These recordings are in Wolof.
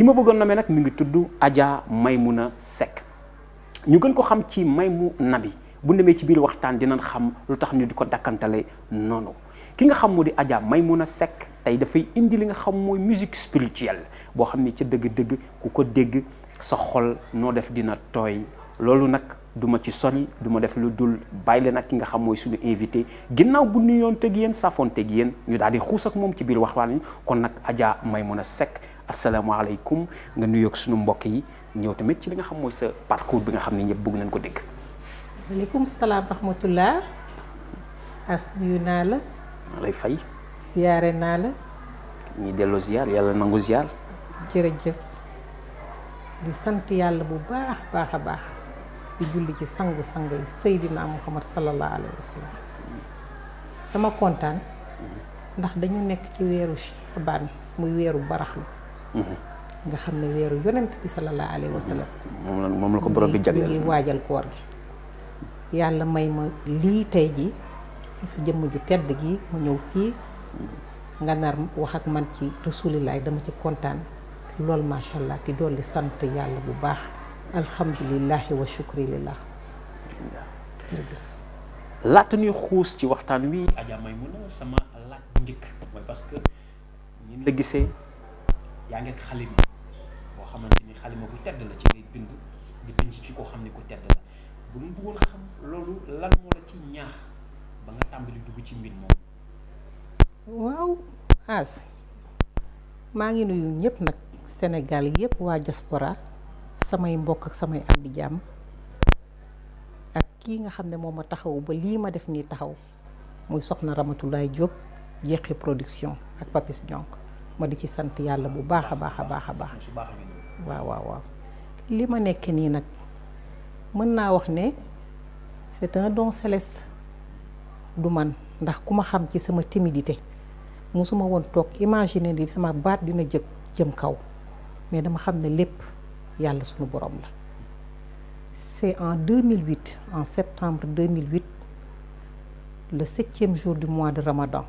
ki ma bëggoon namee nag mu ngi tudd may mun a sekk ñu gën ko xam ci may mu Nabi bu demee ci biir waxtaan dinañ xam lu tax ñu di ko dakkantale noonu ki nga xam moo di Adja Maymuna Seck tey dafay indi li nga xam mooy musique spirituelle boo xam ni ca dëgg-dëgg ku ko dégg sa xol noo def dina tooy loolu nag du ma ci sori du ma def lu dul bàyyi leen ki nga xam mooy suñu invité ginnaaw bu nuyoon teg yéen safoon teg yéen ñu daal di xuus ak moom ci biir waxtaan yi kon nag ajaa may mun a sekk asalaamaaleykum nga nuyoog suñu mbokk yi ñëw tamit ci li nga xam mooy sa parcours bi nga xam ne ñëpp bëgg nañ ko dégg. waaleykum salaam rahmatullah as nuyu naa la. maa lay fay. ziyaare naa la. ñuy delloo ziyaar yàlla nangu ziyaar. jërëjëf di sant yàlla bu baax baax a baax di julli ci sangu sang yi Seydina Muhammad sallallahu alayhi wa dama kontaan mm-hmm. ndax dañu nekk ci weeru Shaabaan muy weeru baraxlu nga xam ne weeru yonent bi sallallahu alayhi wa moom la ko borom bi jagleel ngi waajal koor gi yàlla may ma lii tey ji ci jëmm ju tedd gi mu ñëw fii nga nar wax man ci rasulilaay dama ci kontaan lool macha allah di sant yàlla bu baax alhamdulilahi wa shukri lillah laata ñuy xuus ci waxtaan wi Adja Maymuna sama laaj njëkk mooy parce que ñun la gisee yaa ngi ak xalima boo xamante ni xalima bu tedd la ci ngay bind di bind ci koo xam ne ku tedd la bu ñu bëggoon xam loolu lan moo la ci ñaax ba nga tàmbali dugg ci mbir moom waaw as maa ngi nuyu ñëpp nag Sénégal yëpp waa diaspora samay mbokk ak samay am di jàmm ak kii nga xam ne moo ma taxaw ba lii ma def nii taxaw muy soxna Diop jeexi production ak Papis ma di ci sant yàlla bu baax a baax a baax wa wa waaw waaw waaw li ma nekk nii wax ne c'est un don céleste du man ndax ku xam ci sama timidité musuma won tok imaginer li sama baat dina jëg jëm kaw mais dama xam ne lepp yalla sunu borom la c'est en 2008 en septembre 2008 le 7e jour du mois de Ramadan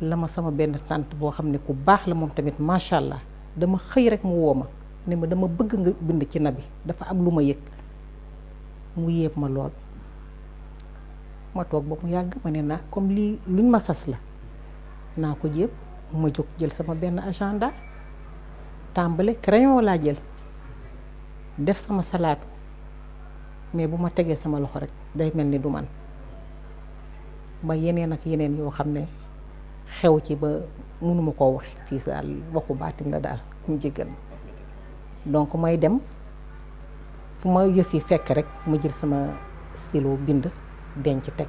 lama sama benn tante bo xamne ne ku bax la mom tamit macha allah dama xey rek mu woma ma ne ma dama bëgg nga bind ci nabi dafa am luma ma mu yeb ma lool ma tok ba mu ma ne comme li luñ ma sas la naa ko ma jël sama benn agenda tambalé crayon la jël def sama salat mais buma ma sama loxo rek day melni du man ba yenen ak yenen yo xew ci ba mënuma koo wax fii saal waxu baatin na daal mu jéggal donc may dem fu ma yëf yi fekk rek ma jël sama stylo bind denc teg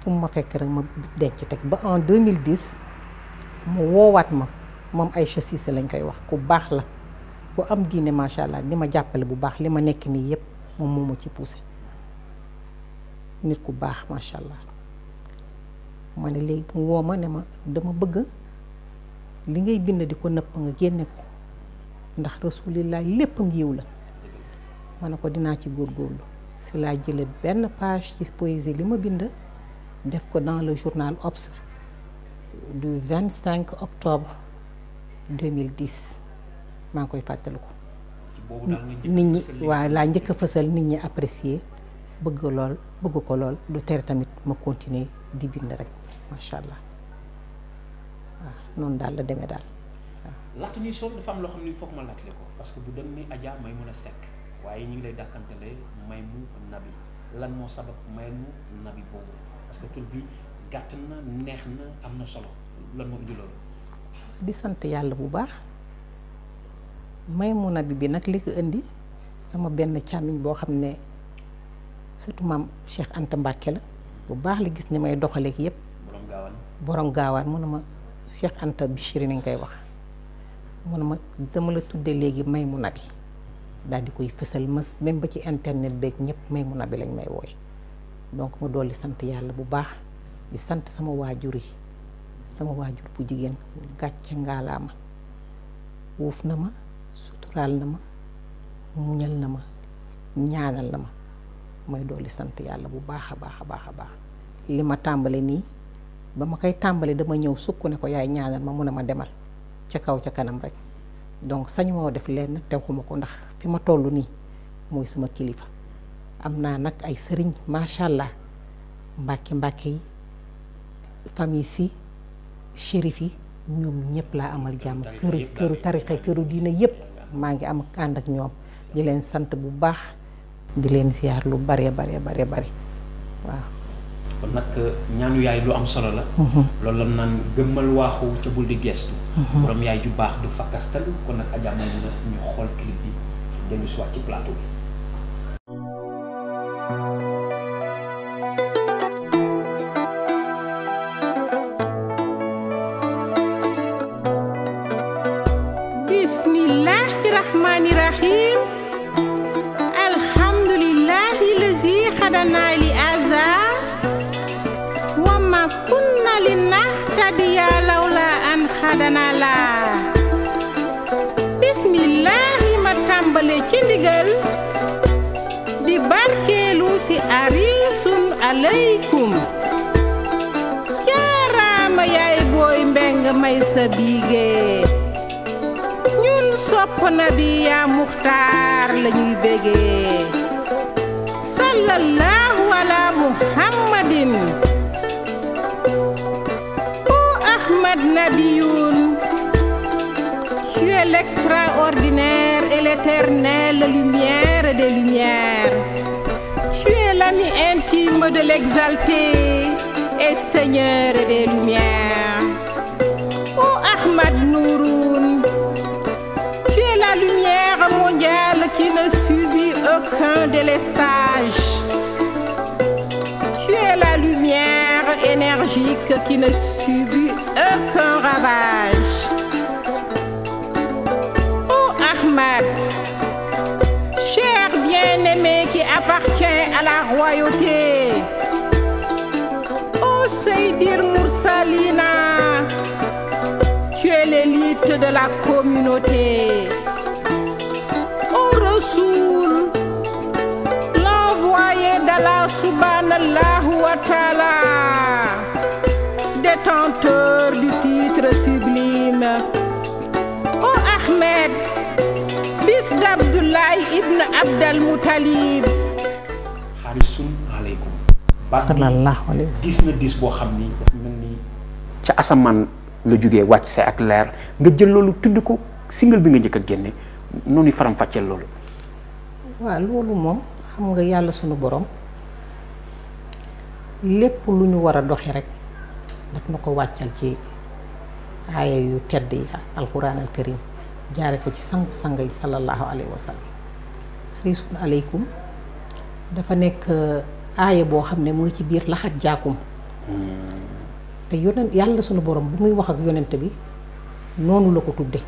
fu ma fekk rek ma denc teg ba en 2010 mu woowaat ma moom Aïcha lañ koy wax ku baax la ku am diine macha allah di ma jàppale bu baax li ma nekk nii yépp moom moo ma ci poussé nit ku baax macha allah. ma ne léegi woo ma ne ma dama bëgg li ngay bind di ko nëpp nga génne ko ndax rasulillah ngi yiw la ma ne ko dinaa ci góorgóorlu si laa jële benn page ci poésie li ma bind def ko dans le journal Obs du 25 octobre 2010 maa ngi koy ko nit ñi waaw laa njëkk a fësal nit ñi apprécier bëgg lool bëgg ko lool du tere tamit ma continuer di bind rek macha allah waaw ah, noonu daal la demee daal waaw. Ah. laata ñuy sol dafa am loo xam ne foog ma laajte ko parce que bu dem ni Adja may mun a sekk waaye ñu ngi lay dàkkantelee may mu lan moo sabab may mu nabi boobu parce que tur bi gàtt na neex na am na solo lan moo indi loolu. di sant yàlla bu baax may mu nabi bi nag li ko indi sama benn càmmiñ boo xam ne surtout maam Cheikh ant Mbàkke la bu baax la gis ni may doxaleeg yépp borom gaawaan mu ne ma Cheikh bi Bichri nañ koy wax mu ne ma dama la tudde léegi may Maymuna bi daal di koy fësal ma même ba ci internet beeg ñëpp Maymuna bi lañ may woy donc ma dolli sant yàlla bu baax di sant sama waajur yi sama waajur bu jigéen gàcce ngaalaama wuuf na ma suturaal na ma muñal na ma ñaanal na ma may dolli sant yàlla bu baax a baax a baax a baax li ma tàmbale nii ba ma kay tàmbali dama ñew sukku ne ko yaay ñaanal ma mëna ma démal ci kaw ci kanam rek donc sañu mo def lén té xumako ndax fi ma tollu ni moy sama kilifa amna nak ay sëriñ sha allah mbacké mbacké famille ñoom ñëpp la amal jamm këru këru tariqa këru diina yépp ma ngi am ànd ak ñoom di leen sante bu baax di leen ziar lu bare bare bare bare waaw kon nag euh, ñaanu yaay lu am solo la. Mhm. lool la naan gëmmal waaxu ca bul di gestu. Mhm. borom yaay ju baax du fakkastalu kon nag Adja may ñu xool clip bi de si waat ci plateau bi. sabige ñun sopp nabi yaa muxtaar la ñuy sallallahu ala muhammadin o ahmad nabiyun tu es l'extraordinaire et l'éternelle lumière des lumières tu es l'ami intime de l'exalté et seigneur des lumières tu es la lumière mondiale qui ne subit aucun délestage. Tu es la lumière énergique qui ne subit aucun ravage. Oh Ahmad, cher bien-aimé qui appartient à la royauté. Oh Seydir Moussalina de la communauté. On reçoit l'envoyé d'Allah subhanallahu wa ta'ala, détenteur du titre sublime. Oh Ahmed, fils d'Abdullah ibn Abdel Moutalib muttalib harisun aleykum. sallallahu alayhi wa sallam. gis dis boo dafa la jóge wàcc sa ak leer nga jël loolu tudd ko single bi nga njëkk a génne noonu faram fàcceel loolu. waaw loolu moom xam nga yàlla sunu borom lépp lu ñu war a doxi rek daf ma ko wàccal ci aaya yu tedd yi alxuraan al jaare ko ci sangu sang yi sallallahu alayhi wa sallam risun dafa nekk euh, aaya boo xam ne mu ngi ci biir laxat jaakum hmm. te yonen yàlla sunu borom bu muy wax ak yonent bi noonu la ko tudde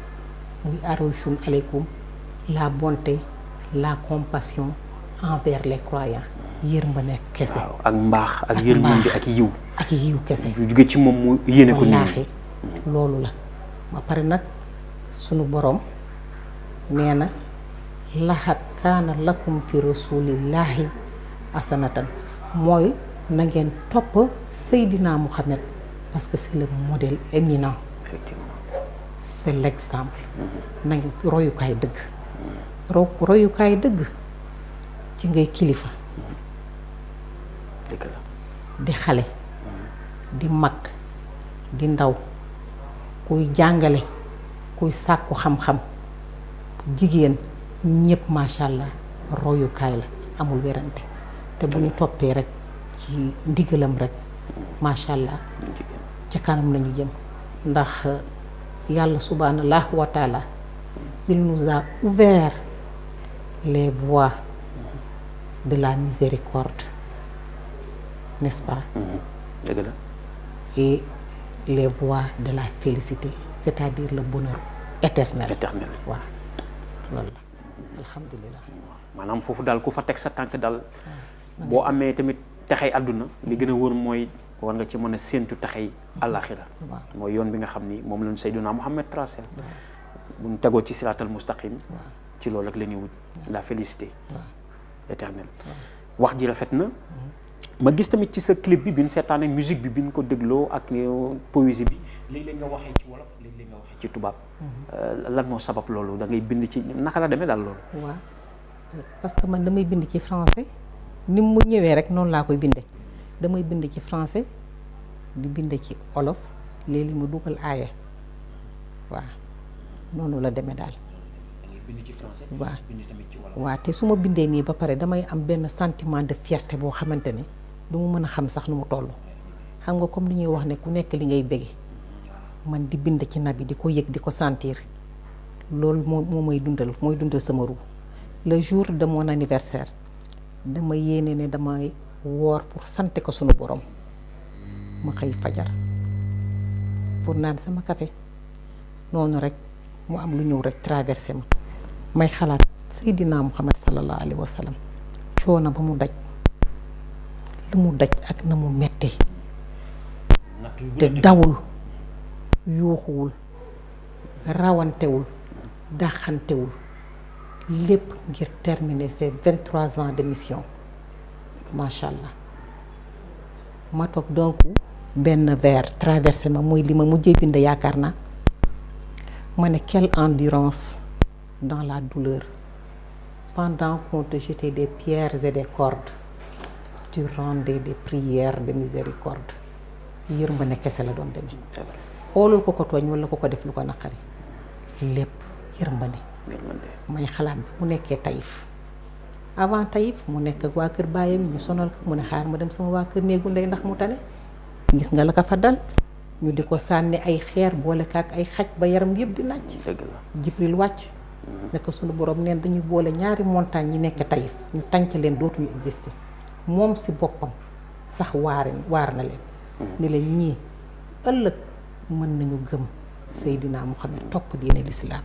muy arrosum aleykum la bonté la compassion envers les croyants yërmande kese ak mbaax ak yërmande ak yiw ak yiw kese jóge ci moom mu yéene ko loolu la ma pare nag sunu boroom nee na laxat kaana lakum fi rasulillahi asanatan mooy na topp Seydina Muhammad parce que c'est le modèle éminent. effectivement c'est l'exemple. nañ royukaay dëgg. ro royukaay dëgg ci ngay kilifa. di xale. di mag di ndaw kuy jàngale kuy sàkku xam-xam jigéen ñëpp macha allah royukaay la amul werante te bu ñu toppee rek ci ndigalam rek. macha allah ca kanam lañu jëm ndax yàlla subhanallah wa taala il nous a ouvert les voies de la miséricorde n'est-ce pas mm-hmm. dëgg et les voies de la félicité c'est-à-dire le bonheur éternel éternel waaw alhamdulillah. la alhamdulilah maanaam foofu daal ku fa tant sa tànk daal ah. boo amee tamit texey àdduna li gën a wóor mooy war nga ci mën a séentu texey àllaaxira moo yoon bi nga xam ni moom lañu Seydunaa Muhammad tracé bu ñu tegoo ci siraatal mustaqim ci loolu rek la ñuy wut la félicité éternelle wax ji rafet na mm-hmm. ma gis tamit ci sa clip bi bi ñu seetaanee musique bi bi ñu ko dégloo ak euh, poésie bi léeg-léeg nga waxee ci wolof léeg-léeg nga waxee ci tubaab. Mm-hmm. Euh, lan moo sabab loolu da ngay bind ci naka la demee daal loolu. Euh, parce que man damay bind ci ni mu ñëwee rek noonu laa koy binde damay bind ci francais di bind ci olof léeg li ma dugal aaya waaw noonu la demee daal waaw te su ma bindee nii ba pare damay am benn sentiment def fierté boo xamante ne du mu mën a xam sax nu mu toll xam nga comme li ñuy wax ne ku nekk li ngay bëgge man di bind ci nabi di ko yëg di ko sentir loolu moo moo may dundal mooy dundal sama ru le jour de mon anniversaire dama yéene ne damay woor pour sante ko sunu boroom ma xëy fajar pour naan sama café noonu rek mu am lu ñëw rek traversé ma may xalaat Seydina Muhammad sallallahu alayhi wa sallam coono ba mu daj lu mu daj ak na mu mettee te dawul yuuxuwul rawantewul daxantewul lépp ngir terminer ses 23 ans de mission machallah ma tok donc ben vers traverser ma moy lima ma mujjee bind quelle endurance dans la douleur pendant qu'on te jetait des pierres et des cordes tu rendais des prières de miséricorde yërmande kessé la don demee xoolul ko ko togn wala ko ko def lu ko naqari lépp yërmande may xalaat bi mu nekkee tayif avant tayif mu nekk waa kër baayam ñu sonal ko mu ne xaar ma dem sama waa kër néegu ndey ndax mu tane gis nga la ko fa dal ñu di ko sànni ay xeer boole kaak ay xaj ba yaram yépp di naaj jibril wàcc mm-hmm. ne ko sunu boroom neen dañuy boole ñaari montagne yi nekk tayif ñu tànc leen dootuñu exister moom si boppam sax waare waar na leen mm-hmm. ni leen ñii ëllëg mën nañu gëm Seydina Muhammad topp diine lislaam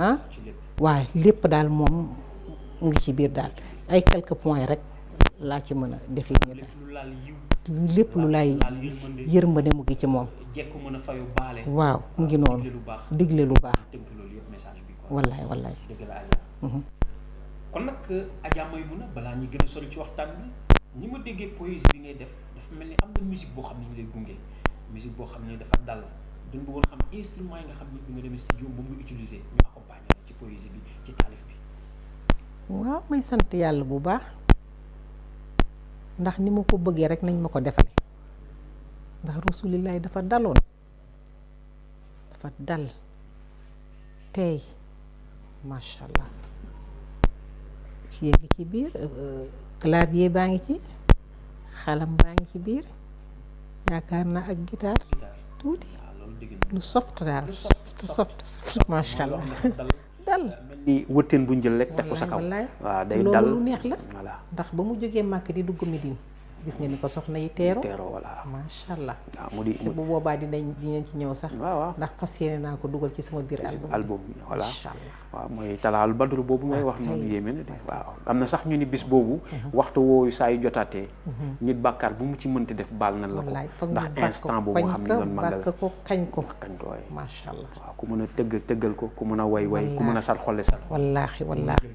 ah waa lépp daal moom mu ngi ci biir daal ay quelques points rek laa ci mën a définir lépp lu laay yërmande mu ngi ci moom waaw mu ngi noonu digle lu baax wallaay wallaay mhm. kon nag euh, Adja Maimouna balaa ñuy gën a sori ci waxtaan bi ni ma déggee poésie bi ngay def dafa mel ni am na musique boo xam ne ñu lay gunge musique boo xam ne dafa dal dañ bëggoon xam instrument yi xam ne bi nga demee studio moom nga waaw may sant yàlla bu baax ndax ni ma ko bëggee rek nañ ma ko defale ndax rasulillahi dafa daloon dafa dal tey macha allah ci ngi ci biir euh, clavier baa ngi ci xalam baa ngi ci biir yaakaar naa ak guitare tuuti ah, lu soft daal soft soft soft allah dal ni wëttéen bu jël rek teg sa kaw waaw day dal lu neex la voilà ndax ba mu jógee màkk di dugg Medine gis nga ni ko soxna yi teeroo teeroo voilà macha allah. waaw ah, mu di bu boobaa dinañ dinañ ci ñëw sax. waaw waaw ndax fas yéene naa ko dugal ci sama biir. album album voilà. macha allah waaw mooy talaal badru boobu mooy ah, wax noonu yéeme na de waaw am na sax ñu ni bis boobu. Uh-huh. waxtu wooyu saa yu jotaatee. Uh-huh. nit bàkkaar bu mu ci mënti def baal na la ko. ndax instant boobu xam ne doon bàkk ko kañ ko kañ ko waay. allah waaw ku mën a tëgg tëggal ko ku mën a way way ku mën a sal xolle sal. wallaahi wallaahi.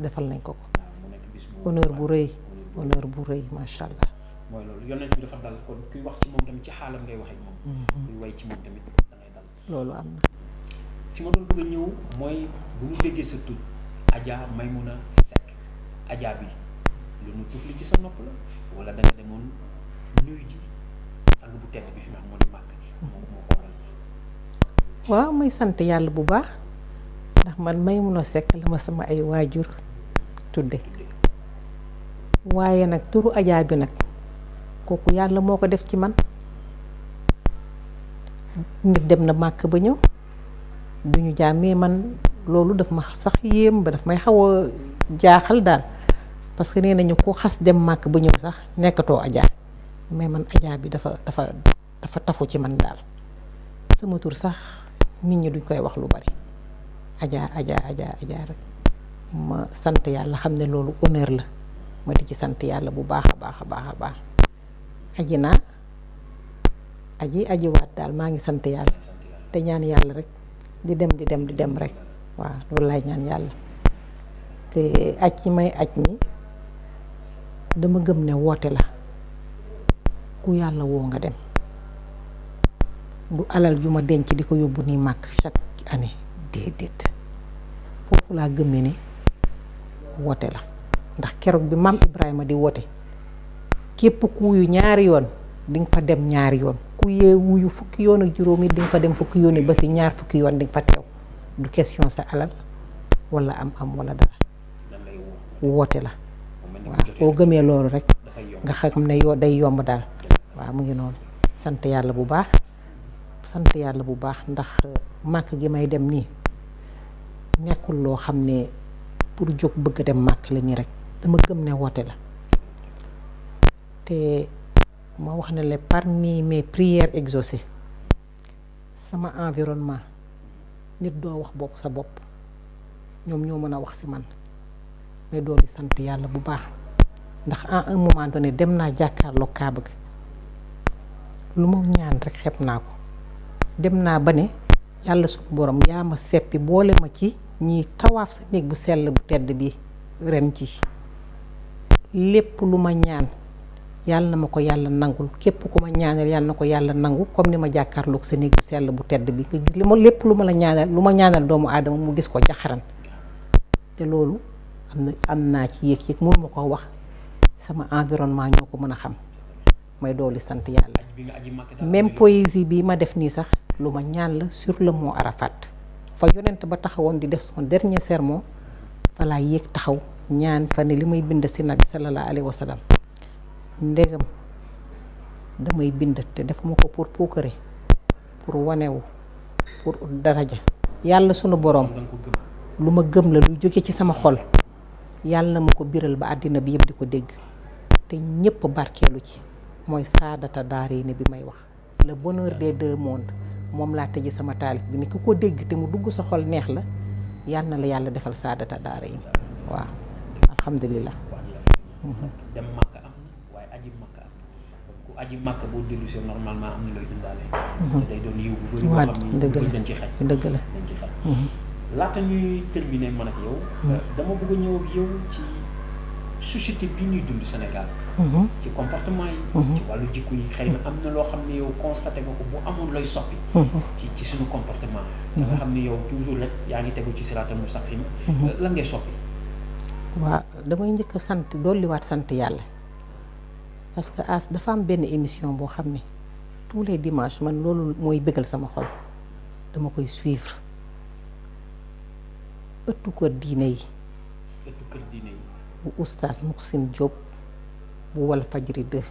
defal nañ ko ko honneur bu reuy honneur bu reuy macha allah mooy loolu yonent bi dafa dal kon kuy wax ci mom tamit ci xalam ngay waxee mom mhm. kuy way ci mom tamit da ngay dal loolu am fi ma doon bëgg ñew moy bu ñu déggé sa tut Adja Maymuna sek Adja bi lu nu tufli ci sa nopp la wala da nga demone nuy ji sang bu tedd bi fi nak mo moo di màkk moom ko waral wa may sante yalla bu baax ndax man Maymuna sek la ma sama ay wajur tudde waye nak turu ajaa bi nak koku yalla moko def ci man nit dem na màkk ba ñew duñu jame man lolu daf ma sax yem ba daf may xawa jaaxal dal parce que neena ñu ko xass dem màkk ba ñew sax nekkatoo ajaa mais man ajaa bi dafa dafa dafa tafu ci man dal sama tur sax nit ñi duñ koy wax lu bari aja, ajaa ajaa ajaa rek ma sante yalla xamne lolu honneur la ma di ci sante yalla bu baakha baakha baakha aji na aji aji wat dal ma ngi sante yalla te ñaan yalla rek di dem di dem di dem rek wa loolu laay ñaan yalla te acc ci may acc ni dama gëm ne woote la ku yalla wo nga dem du alal juma ma denc di ko yóbbu nii mak chaque année dedet fofu la gëmé ni la ndax keroog bi maam Ibrahima di woote képp ku ñaari yoon dinga nga fa dem ñaari yoon ku yee fukki yoon ak juróomi di fa dem fukki yoon yi ba si ñaar fukki yoon di nga fa teew du question sa alal walla am-am wala dara woote la waaw boo gëmee loolu rek nga xam ne day yomb daal waaw mu ngi noonu sant yàlla bu baax sant yàlla bu baax ndax uh, màkk gi may dem nii nekkul loo xam ne pour jóg bëgg dem màkk la nii rek. dama gëm né woté la te ma wax né la parmi mes prières exaucées sama environnement nit do wax bop sa bop ñom ñoo mëna wax si man mais do di sante yalla bu baax ndax à un moment donné dem na jàkkaarloo kaaba gi lu ma ñaan rek xép na ko dem na ba ne yàlla suñu borom ya ma seppi boole ma ci ñi tawaf sa néeg bu sel bu tedd bi ren ci lépp lu ma ñaan yàlla na ma ko yàlla nangul képp ku ma ñaanal yàlla na ko yàlla nangu comme ni ma jàkkaarloog sa néeg bu sell bu tedd bi nga gis ma lépp lu ma la ñaanal lu ma ñaanal doomu aadama mu gis ko jaxaran te loolu am na am naa ci yéeg yéeg mënu ma ko wax sama environnement ñoo ko mën a xam may dooli sant yàlla même poésie bii ma def nii sax lu ma ñaan la sur le mont Arafat fa yonent ba taxawoon di def son dernier sermon fa laa yéeg taxaw ñaan fa ne li may bind si nabi sallallahu alayhi wa sallam ndegam damay bind te defuma ko pour puukare pour wanewu pour daraja yàlla sunu boroom lu ma gëm la lu jóge ci sama xol yàlla na ma ko biral ba àddina bi yëpp di ko dégg te ñépp barkeelu ci mooy saadata daara yi bi may wax le bonheur des deux mondes moom laa tëje sama taalif bi ni ku ko dégg te mu dugg sa xol neex la yal na la yàlla defal saadata daara yi waaw alhamdulilah. Mhm. dem Makka am na waaye aji Makka am na ku aji boo dellu si normalement am na mhm. dëgg la dëgg mhm. la société bi ñuy dund Sénégal. Mhm. ci comportement yi. Mhm. ci walu jikko yi xëy na am na loo yow constaté nga ko bu amone looy soppi. Mhm. ci ci suñu comportement. nga xamné yow toujours rek yaa ngi tegu ci siraatal mustaqim euh, la ngay soppi. wa damay njëkk sante doli dolliwaat sante yalla parce que as dafa am ben émission bo xamné tous les dimanches man loolu moy bëggal sama xol dama koy suivre ëttu ko diiné yi. ëttu ko diiné yi. bu oustaz Muxsin Diop bu wal fajri de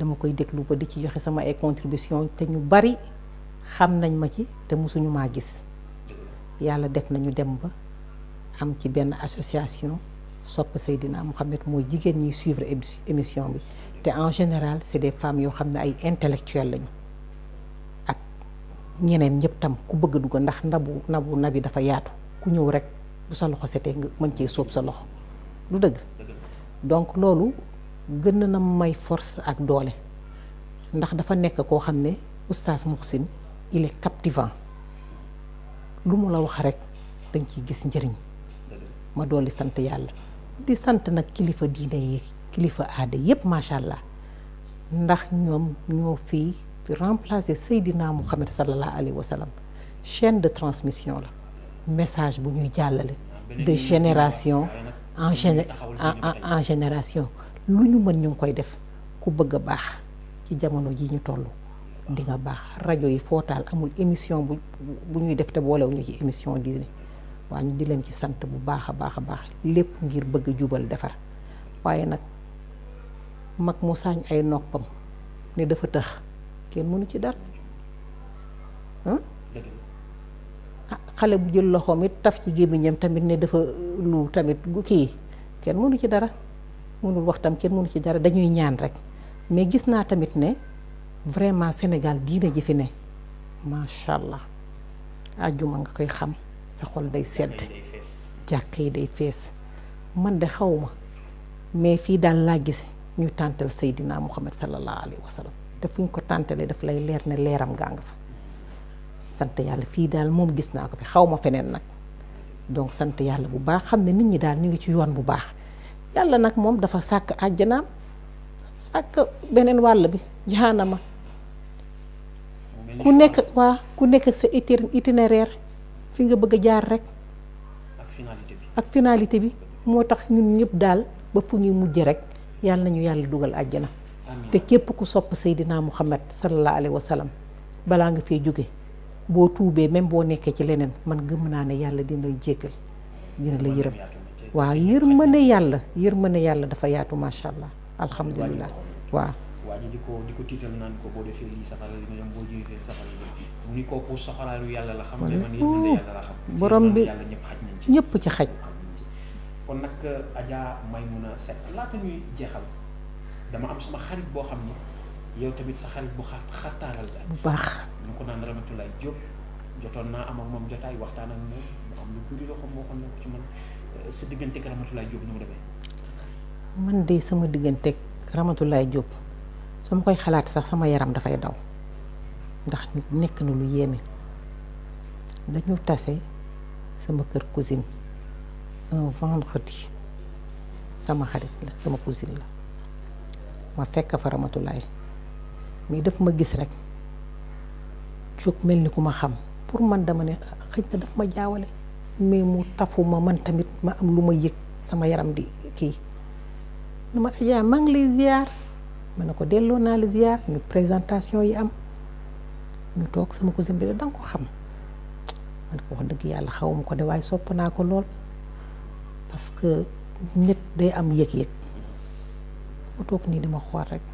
dama koy deglu ba di ci joxe sama ay contribution te ñu bari xam nañ ma ci te musuñu ma gis yalla def nañu dem ba am ci ben association sop Seydina mohammed moy jigen ñi suivre émission bi te en général c'est des femmes yo xamné ay intellectuelles lañu ak ñeneen tam ku bëgg dugg ndax ndabu nabu nabi dafa yaatu ku ñew rek bu sa loxo sété nga mën ci soop sa loxo lu dëgg donc loolu gën na may force ak doole ndax dafa nekk koo xam ne oustaz Mouhsine il est captivant lu mu la wax rek dañ ciy gis njëriñ ma dolli sant yàlla di sant nag kilifa diine yi kilifa aada yépp macha allah ndax ñoom ñoo fii remplacer Seydina Mouhamed sallallahu alayhi wa sallam chaîne de transmission la message bu ñuy jàllale ah, de génération en géné en génération lu ñu mën ñu ngi koy def ku bëgg a baax ci jamono ji ñu toll di nga baax rajo yi footaal amul émission bu ñuy def te boolewuñu ci émission diine waa ñu di leen ci sant bu baax a baax a baax lépp ngir bëgg jubal defar waaye nag mag mu saañ ay noppam ne dafa tëx kenn mënu ci dara xale bu jël loxoom it taf ci gémmiñam tamit ne dafa lu tamit kii kenn mënu ci dara mënul wax tam kenn mënu ci dara dañuy ñaan rek mais gis naa tamit ne vraiment Sénégal diine ji fi ne macha allah àjjuma nga koy xam sa xol day sedd jàkk yi day fees man de xaw mais fii daal laa gis ñu tàntal Seydina Muhammad sallallahu alayhi wa sallam te fu ñu ko tàntalee daf lay leer ne leeram gaa nga fa sante yalla fi dal mom gis na ko fi xawma ma nak donc sante yalla bu baax xamne nit ñi dal ñi ngi ci yoon bu baax yalla nak mom dafa sak aljana sak benen wal bi jahanama ku nek wa ku nek ak sa itinéraire fi nga bëgg jaar rek ak finalité bi ak tax ñun ñëpp daal ba fu ñuy mujj rek yalla ñu yalla dugal aljana te képp ku sopp sayidina Muhammad sallallahu alaihi wasallam, bala nga fi boo tuubee même boo nekkee ci leneen man gëmm naa ne yàlla dina la jéggal dina la yërëm waa waaw yërmande yàlla yërmande yàlla dafa yaatu macha allah alhamdulilah waaw. waa di ko di ko tiital naan ko boo yàlla la xam ne borom bi yàlla ñëpp xaj nañ ci ñëpp ci xaj. kon nag Adja Maimouna Seck laata ñuy jeexal dama am sama xarit boo xam ni. yow tamit sa xarit bu xa xattaaral la. bu baax ñu ko naan Ramatoulaye Diop jotoon naa am ak moom jotaay waxtaan ak moom mu am lu bëri loo xam moo xam ne ko ci man euh, sa diggante ak Ramatoulaye Diop ni mu demee. man de sama diggante ak Ramatoulaye Diop su ma koy xalaat sax sama yaram dafay daw ndax nekk na lu yéeme dañu tase sama kër cousine un vendredi sama xarit la sama cousine la ma fekk fa Ramatoulaye mi def ma gis rek fuk mel ni xam pour man dama ne xëy na daf ma jaawale mais mu tafu man tamit ma am luma yek sama yaram di ki. na ma ajaa maa ngi ziar manako delo na li ziar ni presentation yi am ni tok sama cousin bi da nga ko xam man ko wax deug yalla xawum ko de way sopna ko lol parce que nit day am yek yek, tok ni nii dama rek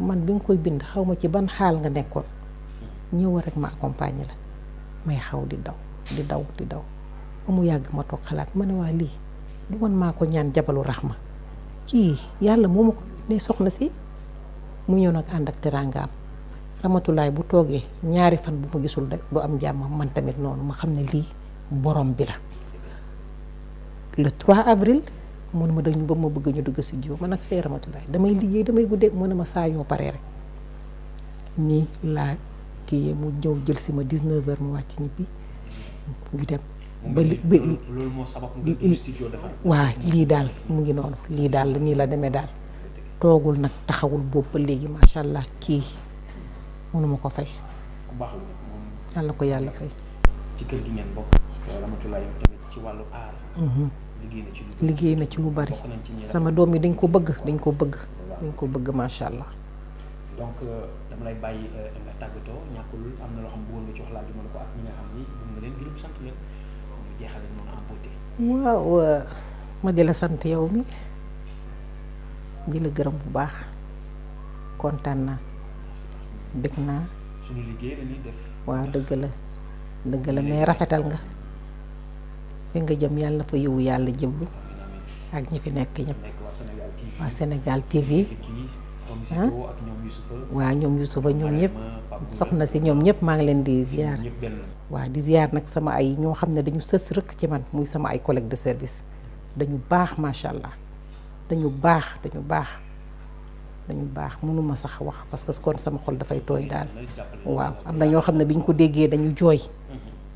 man bi nga koy bind xaw ma ci ban xaal nga nekkoon ñëw rek ma accompagner la may xaw di daw di daw di daw ba mu yàgg ma toog xalaat ma ne waa lii du man maa ko ñaan jabalu ma kii yàlla moo ma ko ne soxna si mu ñëw nag ànd ak teraangaam ramatulaay bu toogee ñaari fan bu ma gisul rek du am jàmm man tamit noonu ma xam ne lii borom bi la le 3 avril mun ma dañu ba ma bëgg ñu dugg si jiw ma nag xëy ramatulaay damay liggéey damay guddee mu ne ma saa yoo paree rek nii laa kii mu ñëw jël si ma 19 heures mu wàcc ñibbi ñu dem. ba li ba loolu moo sabab studio defar waa lii daal mu ngi noonu lii daal nii la demee daal toogul nag taxawul boobu ba léegi macha allah kii mënuma ko fay. ku yàlla ko yàlla fay. liggéey na ci lu bari sama doom yi dañ ko bëgg dañ ko bëgg dañ ko bëgg macha allah. donc euh, dama lay bayyi euh, nga tagato ñàkkul am na loo xam won nga ci wax la ma mëna ko ak ñi nga xam ni bu mëna leen gërum sant leen ñu jéxale mën a am beauté. waaw euh, ma di la sant yow mi di la gërëm bu baax kontaan naa bëgg naa. suñu liggéey dañuy def. waaw dëgg la dëgg la mais rafetal nga. fi nga jëm yàlla na fa yëwu yàlla jëm ak ñi fi nekk ñëpp waa Sénégal TV ah waa ñoom Youssoufa ñoom ñëpp soxna si ñoom ñëpp maa ngi leen di ziar waa di nag sama ay ñoo xam ne dañu sës rëkk ci man muy sama ay collègue de service dañu baax macha allah dañu baax dañu baax dañu baax mënuma sax wax parce que kon sama xol dafay tooy daal waaw am na ñoo xam ne bi ñu ko déggee dañu jooy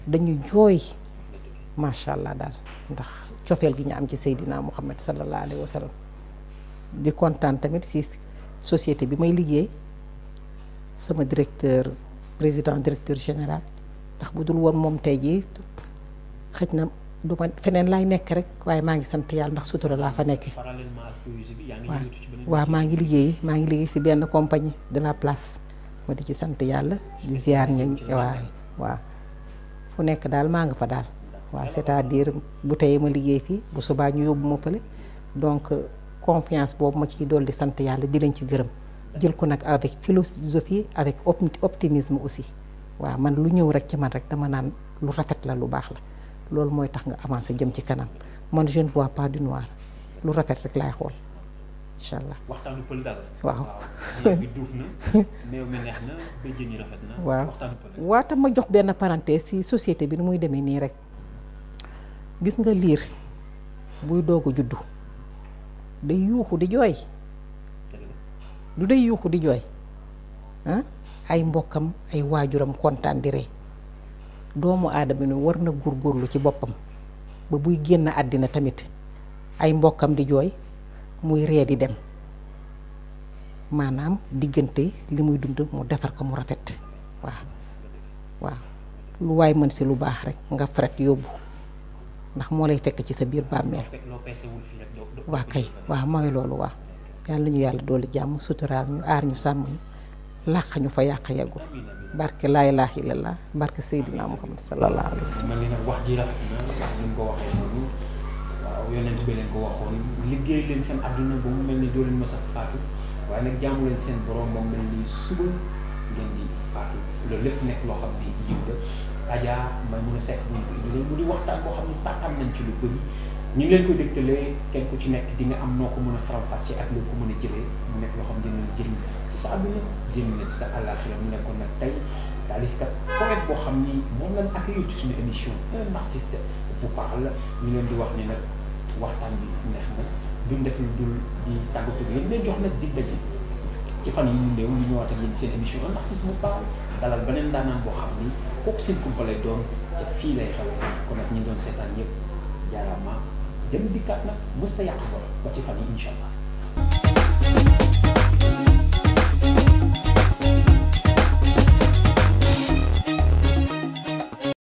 dañu jooy macha allah daal ndax cofeel gi ñu am ci Seydina Muhammad sallallahu alayhi wa sallam di kontaan tamit si société bi may liggéey sama directeur président directeur général ndax bu dul woon moom tey jii xëj na du ma feneen laay nekk rek waaye maa ngi sant yàlla ndax sutura laa fa nekkee. waaw maa ngi liggéey maa ngi liggéey si benn compagnie de la place ma di ci sant yàlla di ziar ñu waaw waaw fu nekk daal maa ngi fa daal. waa c'est-à-dire bu tey ma liggéey fii bu subaa ñu yóbbu ma fële donc euh, confiance boobu ma ciy di sant yàlla di leen ci gërëm jël ko nag avec philosophie avec optimisme aussi waaw man lu ñëw rek ci man rek dama naan lu rafet la lu baax la loolu mooy tax nga avancer jëm ci kanam man je ne vois pas du noir lu rafet rek lay xool incha allah waxtaanu pël waaw waaw bi ma jox benn parenthèse si société bi ni muy demee nii rek. gis nga lire buy doog a juddu day yuuxu di jooy du day yuuxu di jooy ah ay mbokam ay wajuram kontan di re doomu adam ni war na góorgóorlu ci bopam ba buy genn adina tamit ay mbokam di jooy muy ree di dem manam diggante li muy dund mu defar ko mu rafet waaw waaw lu way man si lu bax rek nga fret yóbbu ndax mo lay fekk ci sa biir bammel wa kay wa ma mooy loolu wa yalla ñu yalla doole jamm sutural ñu ar ñu sam ñu làq ñu fa yaq yàggul barke la ilaha illallah barke sayyidina Muhammad sallallahu alayhi wa leen wax ji rafet na ni ko waxe noonu waaw yonent bi leen ko waxoon liggey leen seen aduna bu mu melni do leen mës a faatu waaye nak jamm leen seen borom mom melni suba ngeen di faatu loolu lepp nek lo xam bi jiw Adja may mun a sekk bu ñu ko indi mu di waxtaan boo xam ne taataan nañ ci lu bëri ñu ngeen leen ko dégtalee kenn ku ci nekk di nga am noo ko mën a faram ci ak loo ko mën a jëlee mu nekk loo xam ne dinañ jëriñ ci sa àdduna jëriñ sa àllaaxira mu nekkoon nag tey taalifkat poète boo xam ni moom lañ accueillir ci suñu émission un mm. artiste vous parle ñu leen di wax ni nag waxtaan bi neex na duñ def lu dul di tàggatu bi yéen leen jox nag dig daje ci fan yi ñu néew ñu ñëwaat ak yéen seen émission un artiste nous parle dalal beneen daanaan boo xam ni kooku seen kumpa lay doon ca fii lay xew kon nag ñu doon seetaan yëpp jaaraama dem dikkaat nag mës ta yàq borom ba ci fan yi incha allah